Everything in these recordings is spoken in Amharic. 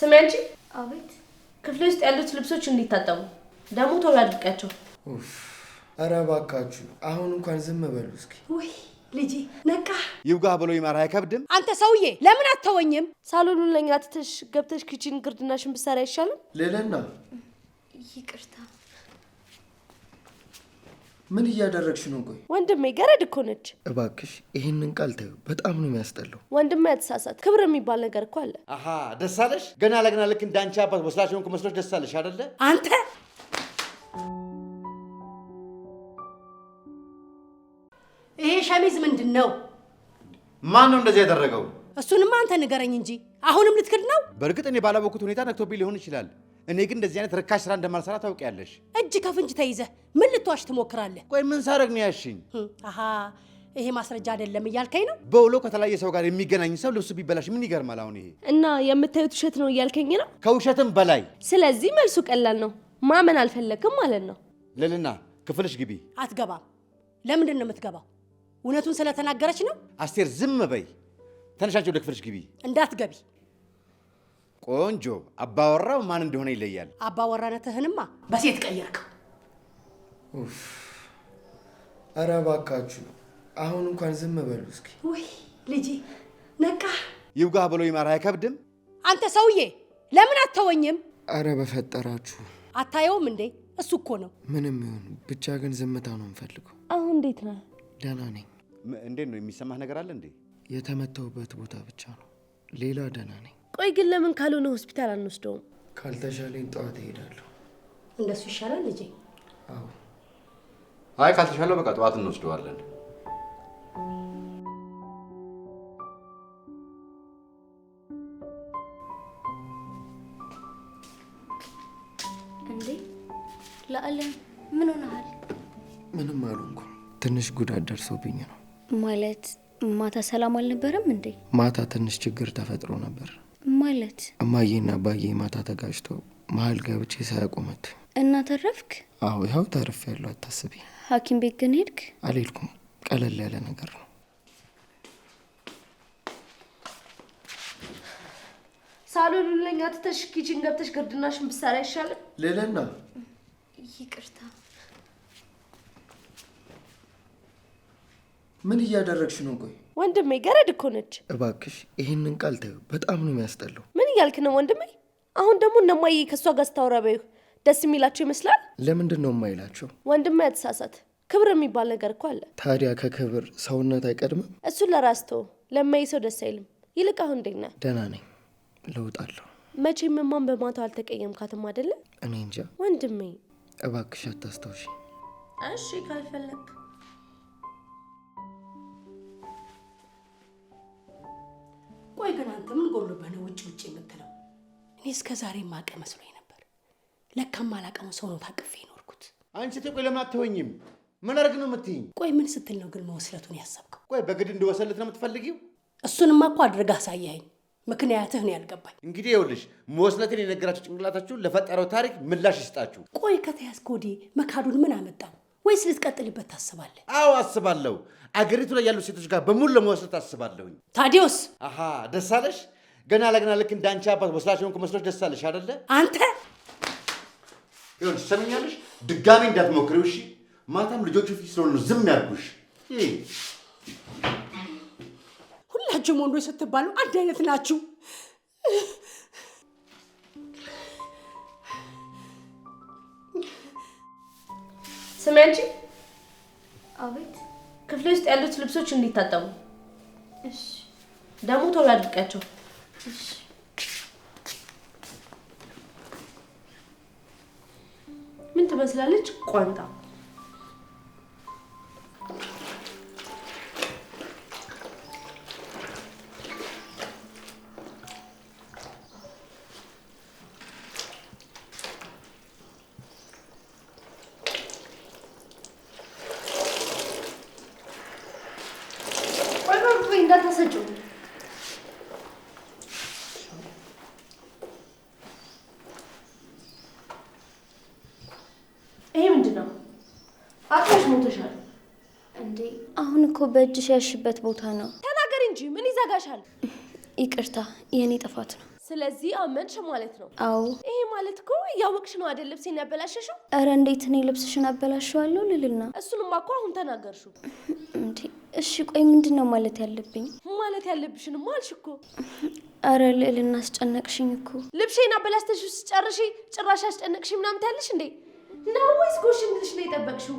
ስሚ አንቺ። አቤት። ክፍል ውስጥ ያሉት ልብሶች እንዲታጠቡ ደግሞ ቶሎ አድርቂያቸው። ኧረ እባካችሁ አሁን እንኳን ዝም በሉ እስኪ። ውይ ልጄ ነቃ። ይውጋ ብሎ ይመራ አይከብድም። አንተ ሰውዬ ለምን አትተወኝም? ሳሎኑን ለኛ ትተሽ ገብተሽ ኪችን ግርድናሽን ብትሰሪ አይሻልም? ልዕልና ይቅርታ ምን እያደረግሽ ነው? ቆይ ወንድሜ ገረድ እኮ ነች። እባክሽ ይህንን ቃል ተይው፣ በጣም ነው የሚያስጠላው። ወንድሜ አትሳሳት፣ ክብር የሚባል ነገር እኮ አለ። አሀ ደሳለሽ፣ ገና ለገና ልክ እንዳንቺ አባት ወስላሽ ሆንኩ መስሎሽ ደሳለሽ አይደለ? አንተ ይሄ ሸሚዝ ምንድን ነው? ማን ነው እንደዚህ ያደረገው? እሱንም አንተ ንገረኝ እንጂ አሁንም ልትክድ ነው? በእርግጥ እኔ ባላወቅኩት ሁኔታ ነክቶብኝ ሊሆን ይችላል። እኔ ግን እንደዚህ አይነት ርካሽ ስራ እንደማልሰራ ታውቂያለሽ። እጅ ከፍንጅ ተይዘህ ምን ልትዋሽ ትሞክራለህ? ቆይ ምን ሳረግ ነው ያሽኝ? አሀ ይሄ ማስረጃ አይደለም እያልከኝ ነው? በውሎ ከተለያየ ሰው ጋር የሚገናኝ ሰው ልብሱ ቢበላሽ ምን ይገርማል? አሁን ይሄ እና የምታዩት ውሸት ነው እያልከኝ ነው? ከውሸትም በላይ ስለዚህ መልሱ ቀላል ነው። ማመን አልፈለግም ማለት ነው። ልልና ክፍልሽ ግቢ። አትገባም። ለምንድን ነው የምትገባው? እውነቱን ስለተናገረች ነው። አስቴር ዝም በይ። ተነሻቸው ወደ ክፍልሽ ግቢ። እንዳትገቢ ቆንጆ አባወራው ማን እንደሆነ ይለያል። አባወራነትህንማ በሴት ቀየርከው። ኧረ እባካችሁ አሁን እንኳን ዝም በሉ እስኪ። ወይ ልጅ ነቃ። ይውጋ ብሎ ይማር አይከብድም። አንተ ሰውዬ ለምን አትተወኝም? አረ በፈጠራችሁ አታየውም እንዴ? እሱ እኮ ነው። ምንም ይሁን ብቻ ግን ዝምታ ነው የምፈልገው። አሁን እንዴት ነህ? ደህና ነኝ። እንዴት ነው የሚሰማህ ነገር አለ እንዴ? የተመተውበት ቦታ ብቻ ነው፣ ሌላ ደህና ነኝ። ቆይ ግን ለምን ካልሆነ ሆስፒታል አንወስደውም? ካልተሻለኝ ጠዋት እሄዳለሁ። እንደሱ ይሻላል ልጄ። አዎ። አይ ካልተሻለው በቃ ጠዋት እንወስደዋለን። እንዴ ለአለም ምን ሆነሃል? ምንም አልሆንኩም። ትንሽ ጉዳት ደርሶብኝ ነው። ማለት ማታ ሰላም አልነበረም እንዴ? ማታ ትንሽ ችግር ተፈጥሮ ነበር። ማለት እማዬና አባዬ ማታ ተጋጭተው መሀል ገብቼ ሳያውቁ መጡ እና ተረፍክ? አዎ ያው ተርፍ ያለው አታስቢ። ሐኪም ቤት ግን ሄድክ? አልሄድኩም። ቀለል ያለ ነገር ነው። ሳሎን ለኛ ትተሽ ኪችን ገብተሽ ግርድናሽን ብትሰሪ አይሻልም? ሌለና ይቅርታ። ምን እያደረግሽ ነው? ቆይ ወንድሜ ገረድ እኮ ነች። እባክሽ ይህንን ቃል ተይው፣ በጣም ነው የሚያስጠላው። ምን እያልክ ነው ወንድሜ? አሁን ደግሞ እነማዬ ከእሷ ጋር ስታወራ ደስ የሚላቸው ይመስላል። ለምንድን ነው የማይላቸው? ወንድሜ አትሳሳት፣ ክብር የሚባል ነገር እኮ አለ። ታዲያ ከክብር ሰውነት አይቀድምም? እሱን ለራስቶ ለማይ ሰው ደስ አይልም። ይልቅ አሁን እንዴት ነህ? ደህና ነኝ፣ ለውጣለሁ። መቼም እማን በማታው አልተቀየምካትም አይደለም እኔ እንጃ ወንድሜ፣ እባክሽ አታስታውሽ። እሺ ካልፈለግ ቆይ ግን አንተ ምን ጎሎበት ነው ውጭ ውጭ የምትለው? እኔ እስከ ዛሬ ማቀ መስሎኝ ነበር። ለካም አላቀሙ ሰው ነው ታቅፌ ይኖርኩት። አንቺ ቆይ ለምን ምን አድርግ ነው የምትይኝ? ቆይ ምን ስትል ነው ግን መወስለቱን ያሰብከው? ቆይ በግድ እንደወሰልት ነው የምትፈልጊው? እሱንማ እኮ አድርግ አሳያኝ። ምክንያትህ ነው ያልገባኝ። እንግዲህ ይኸውልሽ መወስለትን የነገራቸው ጭንቅላታችሁ ለፈጠረው ታሪክ ምላሽ ይስጣችሁ። ቆይ ከተያዝከ ወዲህ መካዱን ምን አመጣው? ወይስ ልትቀጥልበት ታስባለህ? አዎ አስባለሁ። አገሪቱ ላይ ያሉ ሴቶች ጋር በሙሉ ለመወሰድ ታስባለሁ ታዲዮስ አሀ ደሳለሽ ገና ለገና ልክ እንደ አንቺ አባት ወስላሽ ሆንኩ መስሎች ደሳለሽ አይደለ? አንተ ሰምኛለሽ፣ ድጋሜ እንዳትሞክሪው እሺ? ማታም ልጆቹ ፊት ስለሆኑ ዝም ያልኩሽ። ሁላችሁም ወንዶች ስትባሉ አንድ አይነት ናችሁ። ስሚ አንቺ። አቤት። ክፍሌ ውስጥ ያሉት ልብሶች እንዲታጠቡ። እሺ። ደግሞ ቶሎ አድርቂያቸው። እሺ። ምን ትመስላለች? ቋንጣ በእጅሽ ያልሽበት ቦታ ነው። ተናገር እንጂ ምን ይዘጋሻል? ይቅርታ የእኔ ጥፋት ነው። ስለዚህ አመንሽ ማለት ነው? አዎ። ይሄ ማለት እኮ እያወቅሽ ነው አይደል ልብሴን ያበላሸሽው? እረ እንዴት እኔ ልብስሽን አበላሸዋለሁ ልልና? እሱንማ እኮ አሁን ተናገርሽው። እንዴ እሺ ቆይ ምንድን ነው ማለት ያለብኝ? ማለት ያለብሽንማ አልሽ እኮ። ኧረ ልዕልና አስጨነቅሽኝ እኮ። ልብሼን አበላሽተሽ ጨርሺ ጭራሽ አስጨነቅሽ ምናምን ትያለሽ እንዴ? ነው ወይስ ጎሽ እንድልሽ ነው የጠበቅሽው?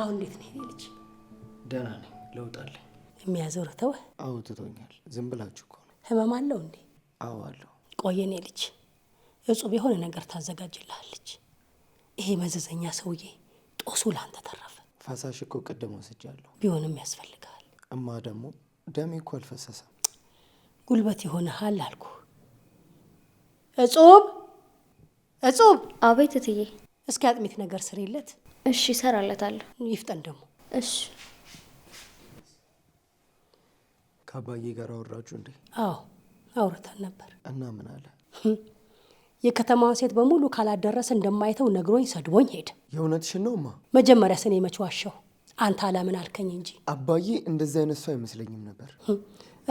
አሁን እንዴት ነው ይሄ ልጅ? ደህና ነኝ፣ ለውጥ አለኝ። የሚያዞርህ ተወ? አዎ ትቶኛል። ዝም ብላችሁ እኮ ነው። ህመም አለው እንዴ? አዎ አለው። ቆይ ልጅ እጹብ የሆነ ነገር ታዘጋጅልሃለች። ይሄ መዘዘኛ ሰውዬ ጦሱ ለአንተ ተረፈ። ፈሳሽ እኮ ቅድም ወስጃለሁ። ቢሆንም ያስፈልግሃል። እማ ደግሞ ደሜ እኮ አልፈሰሰም። ጉልበት ይሆንሃል አልኩ። እጹብ እጹብ! አቤት እትዬ። እስኪ አጥሚት ነገር ስሪለት እሺ እሰራለታለሁ። ይፍጠን ደግሞ። እሺ ከአባዬ ጋር አወራችሁ እንዴ? አዎ አውርተን ነበር። እና ምን አለ? የከተማዋ ሴት በሙሉ ካላደረሰ እንደማይተው ነግሮኝ ሰድቦኝ ሄድ የእውነትሽን ነው መጀመሪያ ስኔ መች ዋሸሁ? አንተ አላምን አልከኝ እንጂ አባዬ እንደዚህ አይነት ሰው አይመስለኝም ነበር።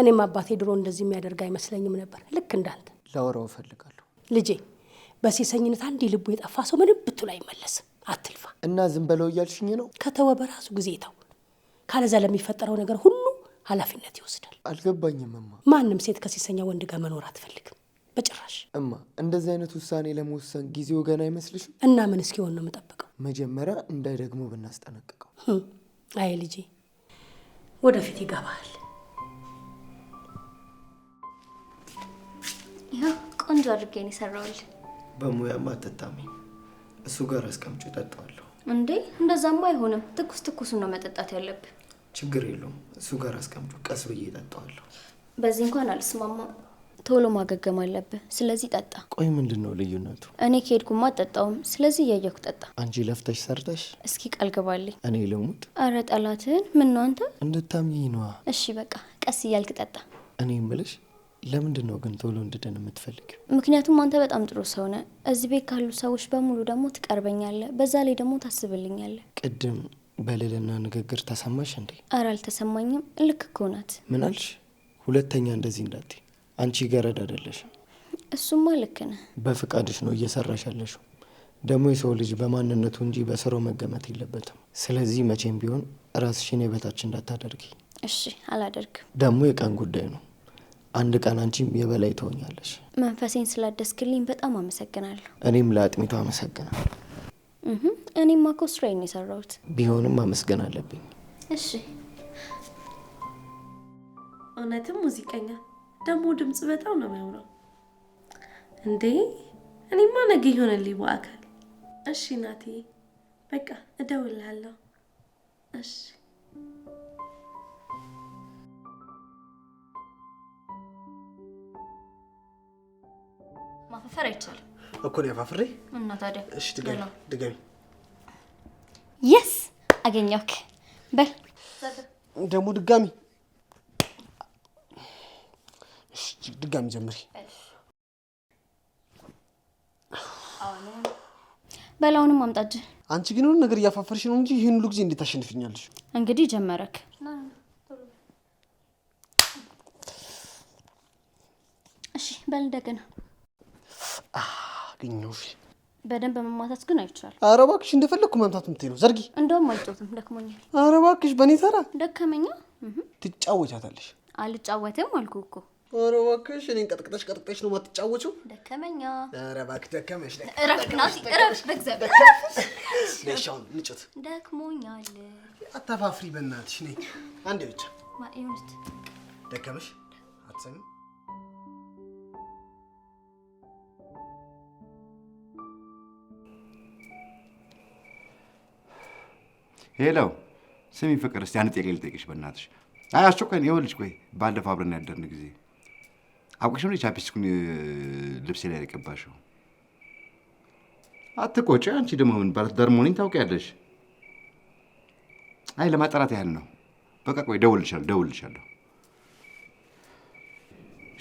እኔም አባቴ ድሮ እንደዚህ የሚያደርግ አይመስለኝም ነበር። ልክ እንዳንተ ላወራው እፈልጋለሁ። ልጄ፣ በሴሰኝነት አንድ ልቡ የጠፋ ሰው ምንም ብትሉ አይመለስም። አትልፋ እና ዝም በለው እያልሽኝ ነው? ከተወ በራሱ ጊዜ ተው፣ ካለዛ ለሚፈጠረው ነገር ሁሉ ኃላፊነት ይወስዳል። አልገባኝም እማ። ማንም ሴት ከሴሰኛ ወንድ ጋር መኖር አትፈልግም በጭራሽ እማ። እንደዚህ አይነት ውሳኔ ለመወሰን ጊዜው ገና አይመስልሽም? እና ምን እስኪሆን ነው የምጠብቀው? መጀመሪያ እንዳይደግሞ ብናስጠነቅቀው። አይ ልጄ፣ ወደፊት ይገባል። ቆንጆ አድርጌን የሰራውል። በሙያማ አትታሚ እሱ ጋር አስቀምጮ እጠጣዋለሁ። እንዴ እንደዛም አይሆንም። ትኩስ ትኩሱ ነው መጠጣት ያለብ ችግር የለውም። እሱ ጋር አስቀምጬ ቀስ ብዬ እጠጣዋለሁ። በዚህ እንኳን አልስማማም። ቶሎ ማገገም አለብህ። ስለዚህ ጠጣ። ቆይ ምንድን ነው ልዩነቱ? እኔ ከሄድኩማ አጠጣውም። ስለዚህ እያየኩ ጠጣ። አንቺ ለፍተሽ ሰርተሽ። እስኪ ቃል ግባልኝ። እኔ ልሙት? አረ ጠላትህን። ምን አንተ እንድታምኝ ነዋ። እሺ በቃ ቀስ እያልክ ጠጣ። እኔ ምልሽ ለምንድን ነው ግን ቶሎ እንድደን የምትፈልግ? ምክንያቱም አንተ በጣም ጥሩ ሰው ነህ። እዚህ ቤት ካሉ ሰዎች በሙሉ ደግሞ ትቀርበኛለህ፣ በዛ ላይ ደግሞ ታስብልኛለህ። ቅድም በልልና ንግግር ተሰማሽ እንዴ? ኧረ አልተሰማኝም። ልክ እኮ ናት። ምን አልሽ? ሁለተኛ እንደዚህ እንዳት። አንቺ ገረድ አይደለሽም እሱማ ልክ ነህ። በፍቃድሽ ነው እየሰራሽ ያለሽው። ደግሞ የሰው ልጅ በማንነቱ እንጂ በስራው መገመት የለበትም። ስለዚህ መቼም ቢሆን ራስሽን የበታች እንዳታደርጊ። እሺ፣ አላደርግም። ደግሞ የቀን ጉዳይ ነው አንድ ቀን አንቺም የበላይ ትሆኛለሽ። መንፈሴን ስላደስክልኝ በጣም አመሰግናለሁ። እኔም ለአጥሚቱ አመሰግናለሁ። እኔም እኮ ስራዬን የሰራሁት ቢሆንም አመስገን አለብኝ። እሺ። እውነትም ሙዚቀኛ ደግሞ ድምፅ በጣም ነው የሚያምረው። እንዴ እኔማ ነገ ይሆነልኝ በአካል። እሺ ናቴ በቃ እደውልሃለሁ። እሺ ማፈር አይቻልም እኮ ነው ያፋፍሬ እና ታዲያ እሺ ድገሚ ድገሚ የስ አገኘውክ በል ደግሞ ድጋሚ ድጋሚ ጀምሪ በላውንም አምጣጅ አንቺ ግን ሁሉ ነገር እያፋፈርሽ ነው እንጂ ይህን ሁሉ ጊዜ እንዴት ታሸንፍኛለሽ? እንግዲህ ጀመረክ። እሺ በል እንደገና አገኘሁሽ። በደንብ መማታት ግን አይቻልም። ኧረ እባክሽ እንደፈለግኩ መምታት ነው? ዘርጊ። እንደውም አይጮትም፣ ደክሞኛል። ኧረ እባክሽ በእኔ ሰራ። ደከመኛ። ትጫወቻታለሽ። አልጫወትም አልኩ እኮ። ኧረ እባክሽ እኔን ቀጥቅጠሽ ቀጥቅጠሽ ነው የማትጫወችው። ደከመኛ። ኧረ እባክሽ ደከመሽ። እረፍት ናት ንጭት ደክሞኛል። አታፋፍሪ በእናትሽ። ነይ አንዴ ብቻ ደከመሽ። አትሰሚም ሄለው ስሚ ፍቅር፣ እስቲ አንድ ጥያቄ ልጠይቅሽ በእናትሽ። አይ አስቸኳይ፣ ይኸውልሽ፣ ቆይ ባለፈው አብረን ያደርን ጊዜ አውቅሽ ነው ቻፕስቲኩን ልብሴ ላይ የቀባሽው? አትቆጭ አንቺ ደግሞ ምን ባለትዳር መሆኔን ታውቂያለሽ። አይ ለማጣራት ያህል ነው። በቃ ቆይ ደውልልሻለሁ፣ ደውልልሻለሁ።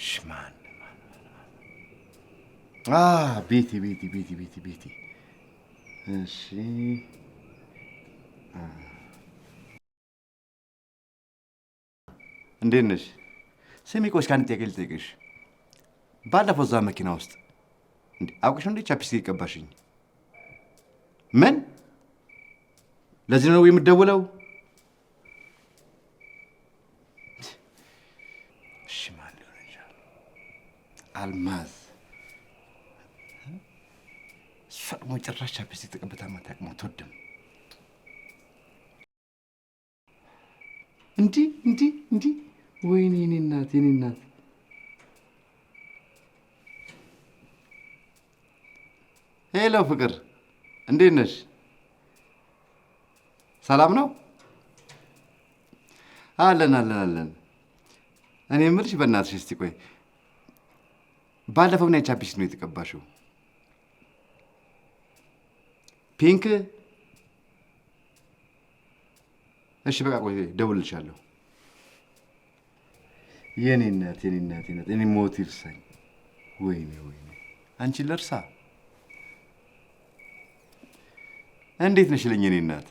ሽማን ቤቲ ቤቲ ቤቲ ቤቲ ቤቲ። እሺ እንዴት ነሽ? ስሚ፣ ቆይ እስኪ ጥያቄ ልጠይቅሽ። ባለፈው እዛ መኪና ውስጥ አውቅሽ እንዴ ቻፕስቲክ የቀባሽኝ? ምን? ለዚህ ነው የምደውለው? እሺ፣ ማን ሊሆን ይችላል? አልማዝ እሷ ደግሞ ጭራሽ ቻፕስቲክ ተቀብታ እንዲ እንዲ እንዲ ወይኔ የኔ እናት የኔ እናት ሄሎ ፍቅር እንዴት ነሽ ሰላም ነው አለን አለን አለን እኔ የምልሽ በእናትሽ እስቲ ቆይ ባለፈው ምን አይነት ነው የተቀባሽው ፒንክ እሺ በቃ ቆይ ደውልልሻለሁ። የኔ እናት የኔ እናት የኔ እናት የኔ ሞት ይርሳኝ። ወይኔ ወይኔ አንቺን ለርሳ እንዴት ነሽልኝ የኔ እናት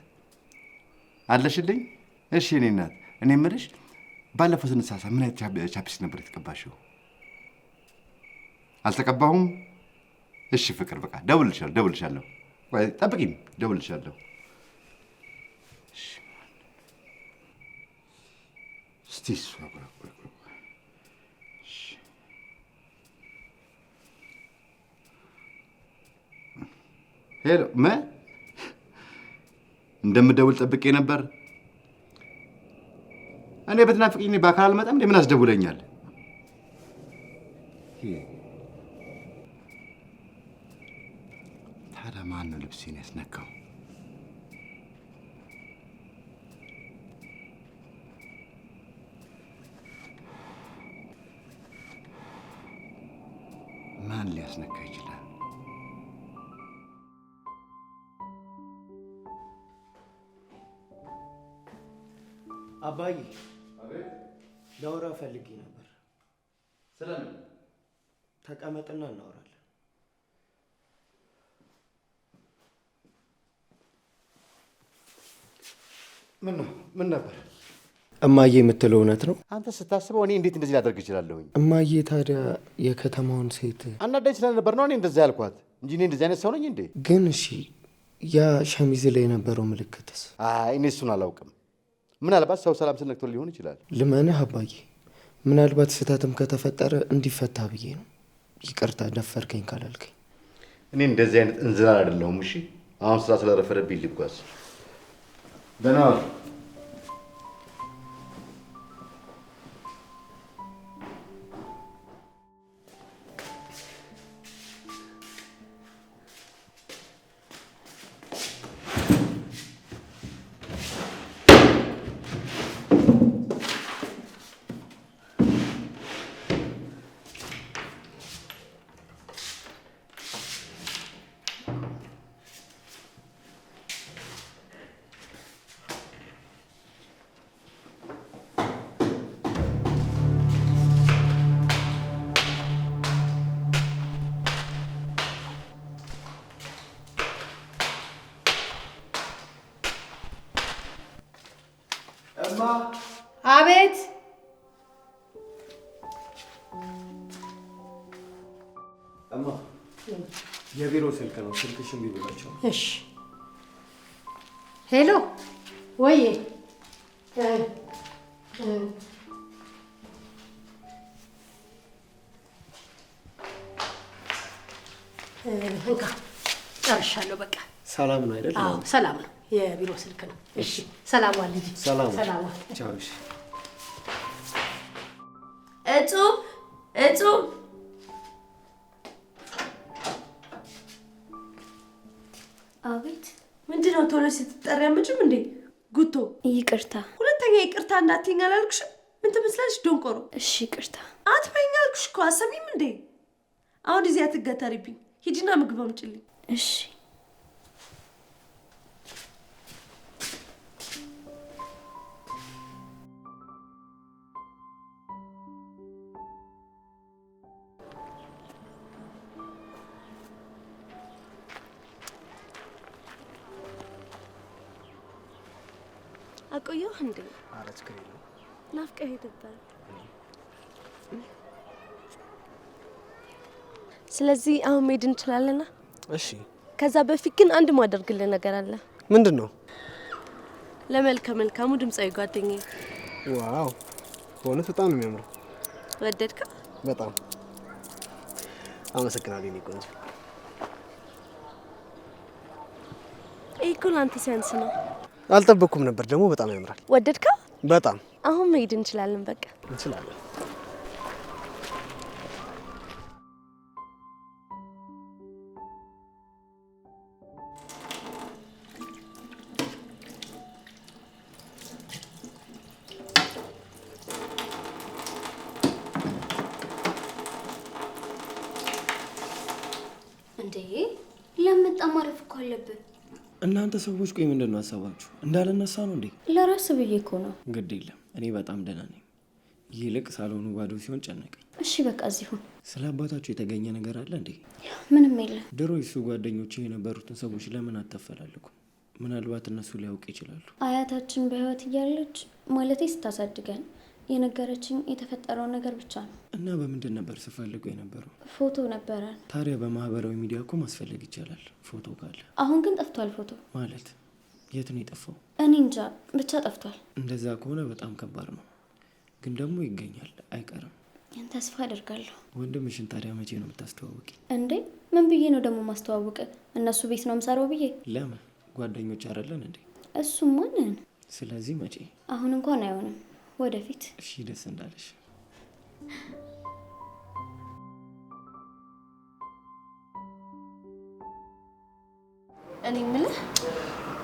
አለሽልኝ? እሺ የኔ እናት እኔ የምልሽ ባለፈው ስንሳሳ ምን አይነት ቻፕስ ነበር የተቀባሽው? አልተቀባሁም። እሺ ፍቅር በቃ ደውልልሻለሁ፣ ደውልልሻለሁ። ጠብቂኝ፣ ደውልልሻለሁ ちっすわこれこれこれ ሄሎ መ እንደምደውል ጠብቄ ነበር። እኔ በትናፍቅኝ እኔ በአካል አልመጣም። እንደምን አስደውለኛል? ታዲያ ማን ልብሴን ያስነካው? ንጽህናህን ሊያስነካ ይችላል። አባዬ ለውራ ፈልጌ ነበር። ስለምን? ተቀመጥና እናወራለን። ምን ነው ምን ነበር እማዬ የምትለው እውነት ነው? አንተ ስታስበው እኔ እንዴት እንደዚህ ላደርግ እችላለሁኝ? እማዬ ታዲያ የከተማውን ሴት አናዳኝ ስለነበር ነው እኔ እንደዛ ያልኳት እንጂ እኔ እንደዚህ አይነት ሰው ነኝ እንዴ? ግን እሺ፣ ያ ሸሚዝ ላይ የነበረው ምልክትስ? አይ እኔ እሱን አላውቅም። ምናልባት ሰው ሰላም ስነክቶ ሊሆን ይችላል። ልመንህ አባዬ፣ ምናልባት ስህተትም ከተፈጠረ እንዲፈታ ብዬ ነው። ይቅርታ ደፈርከኝ ካላልከኝ። እኔ እንደዚህ አይነት እንዝላል አይደለሁም። እሺ፣ አሁን ስራ ስለረፈደብኝ ልጓዝ። ደህና ዋል። እማ የቢሮ ስልክ ነው። ስልክሽን ቢሉላቸው። እሺ። ሄሎ እንካ ጨርሻለሁ። በቃ ሰላም ነው አይደል? ሰላም ነው። የቢሮ ስልክ ነው። እሺ። ሰላም ዋል ልጅ። ሰላም ዋል። ቻው። እሺ ይቅርታ። ሁለተኛ ይቅርታ እንዳትይኝ አላልኩሽም? ምን ትመስላለሽ ዶንቆሮ? እሺ ይቅርታ አትበይኝ አልኩሽ እኮ አሰሚም እንዴ? አሁን እዚህ አትገተሪብኝ። ሂጂና ምግብ አምጪልኝ። እሺ ቆየሁ እንዴ? ኧረ ችግር የለም። ናፍቀህ ነበር። ስለዚህ አሁን መሄድ እንችላለን እሺ። ከዛ በፊት ግን አንድ ማደርግልህ ነገር አለ። ምንድን ነው? ለመልከ መልካሙ ድምፃዊ ጓደኛዬ። ዋው! በእውነት በጣም ነው የሚያምረው። ወደድከው? በጣም አመሰግናለሁ። እኔ ቆንጆ። ይህ እኮ ለአንተ ሲያንስ ነው። አልጠበኩም ነበር። ደግሞ በጣም ያምራል። ወደድከው? በጣም አሁን መሄድ እንችላለን። በቃ እንችላለን። እንዴ ለምን ጣማረፍ እኮ አለብን እናንተ ሰዎች ቆይ ምንድን ነው ሀሳባችሁ? እንዳልነሳ ነው እንዴ? ለራስ ብዬ እኮ ነው። ግድ የለም እኔ በጣም ደህና ነኝ። ይልቅ ሳሎኑ ባዶ ሲሆን ጨነቀኝ። እሺ በቃ እዚሁ። ስለ አባታችሁ የተገኘ ነገር አለ እንዴ? ምንም የለም። ድሮ የሱ ጓደኞች የነበሩትን ሰዎች ለምን አተፈላልኩ? ምናልባት እነሱ ሊያውቅ ይችላሉ። አያታችን በህይወት እያለች ማለቴ ስታሳድገን የነገረችኝ የተፈጠረውን ነገር ብቻ ነው። እና በምንድን ነበር ስፈልጉ የነበረው? ፎቶ ነበረ። ታዲያ በማህበራዊ ሚዲያ እኮ ማስፈለግ ይቻላል ፎቶ ካለ። አሁን ግን ጠፍቷል ፎቶ ማለት። የት ነው የጠፋው? እኔ እንጃ ብቻ ጠፍቷል። እንደዛ ከሆነ በጣም ከባድ ነው፣ ግን ደግሞ ይገኛል አይቀርም። ተስፋ አደርጋለሁ። ወንድምሽን ታዲያ መቼ ነው የምታስተዋውቂ? እንዴ ምን ብዬ ነው ደግሞ ማስተዋውቅ? እነሱ ቤት ነው የምሰራው ብዬ። ለምን ጓደኞች አይደለን እንዴ? እሱም ማንን። ስለዚህ መቼ? አሁን እንኳን አይሆንም ወደፊት። እሺ፣ ደስ እንዳለሽ። እኔ የምልህ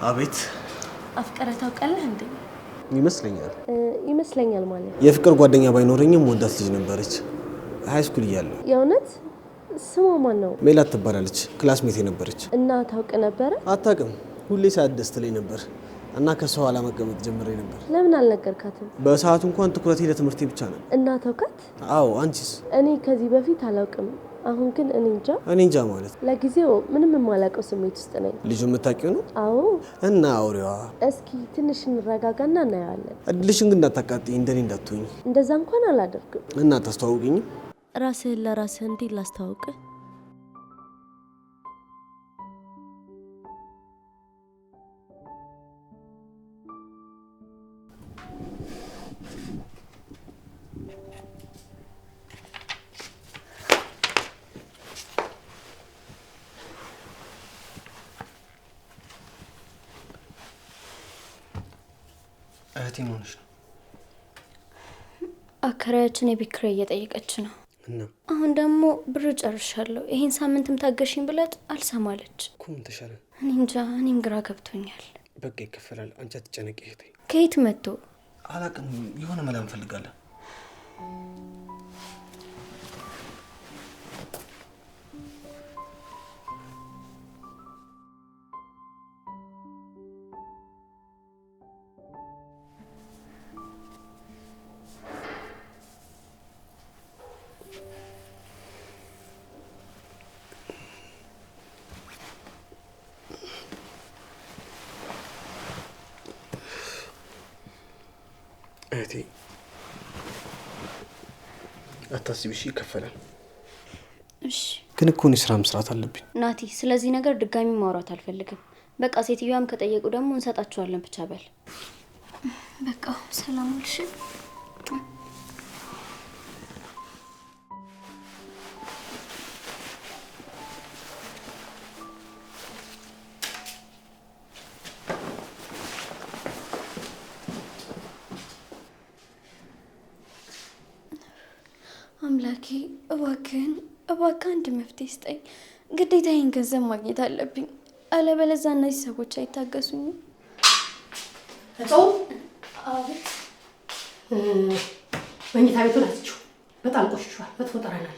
አቤት። አፍቀረ ታውቃለህ እንዴ? ይመስለኛል ይመስለኛል ማለት የፍቅር ጓደኛ ባይኖረኝም ወዳት ልጅ ነበረች ሀይ ስኩል እያለሁ። የእውነት ስሟ ማን ነው? ሜላት ትባላለች። ክላስሜት ነበረች። እና ታውቅ ነበረ? አታውቅም። ሁሌ ሳያት ደስ ትለኝ ነበር። እና ከሰው አላመቀመጥ ጀምሬ ነበር። ለምን አልነገርካትም? በሰዓቱ እንኳን ትኩረቴ ለትምህርቴ ብቻ ነው። እና ተውካት? አዎ። አንቺስ? እኔ ከዚህ በፊት አላውቅም። አሁን ግን እኔ እንጃ። እኔ እንጃ ማለት ለጊዜው ምንም የማላውቀው ስሜት ውስጥ ነኝ። ልጁ የምታውቂው ነው? አዎ። እና አውሬዋ፣ እስኪ ትንሽ እንረጋጋና እናየዋለን። እድልሽን ግን እንዳታቃጥኝ፣ እንደኔ እንዳትሆኝ። እንደዛ እንኳን አላደርግም። እና ታስተዋውቅኝ? ራስህን ለራስህ እንዲህ ላስተዋውቅህ መከራያችን የቤት ኪራይ እየጠየቀች ነው። አሁን ደግሞ ብር ጨርሻለሁ፣ ይህን ሳምንትም ታገሽኝ ብላት አልሰማለች እኮ። ምን ተሻለ? እኔ እንጃ፣ እኔም ግራ ገብቶኛል። በቃ ይከፈላል፣ አንቺ አትጨነቂ እህቴ። ከየት መጥቶ አላቅም። የሆነ መላ እንፈልጋለን አታስቢ፣ እሺ? ይከፈላል። እሺ። ግን እኮ እኔ ስራ መስራት አለብኝ ናቲ። ስለዚህ ነገር ድጋሚ ማውራት አልፈልግም። በቃ ሴትዮዋም ከጠየቁ ደግሞ እንሰጣችኋለን ብቻ በል። በቃ ሰላም። ብሩኬ እባክህን እባክህ አንድ መፍትሄ ስጠኝ። ግዴታ ይህን ገንዘብ ማግኘት አለብኝ፣ አለበለዛ እነዚህ ሰዎች አይታገሱኝም። መኝታ ቤቱ አስችው፣ በጣም ቆሽሿል፣ በጥፎ ጠረናል።